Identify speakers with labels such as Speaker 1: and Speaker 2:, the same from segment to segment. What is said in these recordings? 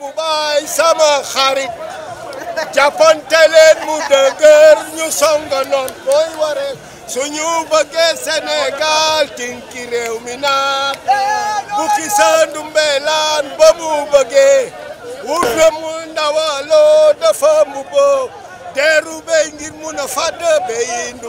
Speaker 1: bu baay sama xarit jàppante mu dëgër ñu songa noon booy ware suñu bëggee Sénégal tinki réew mi naat bu ki sandu ba mu bëggee wut na mu ndawaloo dafa mu boo teeru ngir mun a fàdd béyi ndu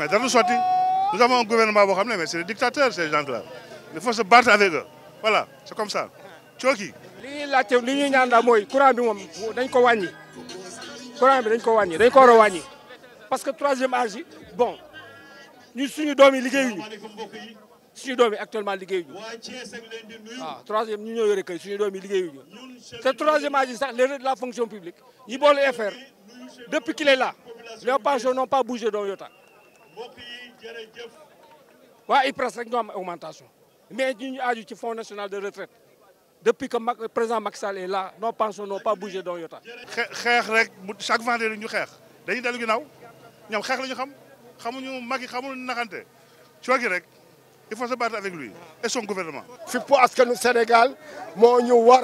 Speaker 2: mais dara sotti nous avons un gouvernement boo mais c'est des dictateurs ces gens-là il faut se battre avec eux voilà c'est comme ça cooki. li ñuy laajte li ñuy ñaan daal mooy courant bi moom dañ ko
Speaker 3: courant bi dañ ko wàññi dañ ko war a parce que troisième âge yi bon ñu suñu doom yi liggéeyuñu suñu doom yi actuellement liggéeyuñu waaw ah, troisième ñu ñoo yore kay suñu doom yi liggéeyuñu te troisième âge yi sax de la fonction publique ñi boole FR depuis qu'il est là les pensions n'ont pas bougé dans Yota il il augmentation mais il fonds national de retraite
Speaker 2: depuis que le président Maxal est là nos pensions n'ont pas bougé dans l'OTAN. chaque vendredi ñu Nous, nous Nous sommes nous ñu nous il faut se battre avec lui et son gouvernement. que Sénégal
Speaker 1: ñu war.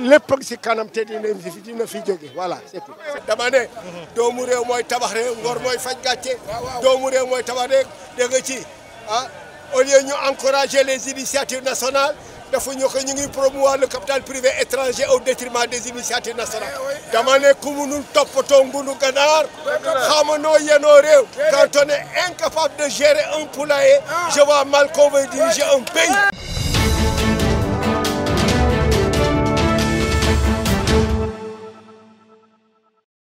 Speaker 1: L'époque, c'est quand même te dina fi dina fi jóge voilà c'est tout. dama ne. doomu réew mooy tabax réew ngor mooy faj gàcce. doomu réew mooy tabax réew ah au lieu ñu encourager les initiatives nationales il faut promouvoir le capital privé étranger au détriment des initiatives nationales. dama ne ku munul toppatoo ngunu ganaar. quand on est incapable de gérer un poulailler. je vois mal qu'on veut diriger un pays.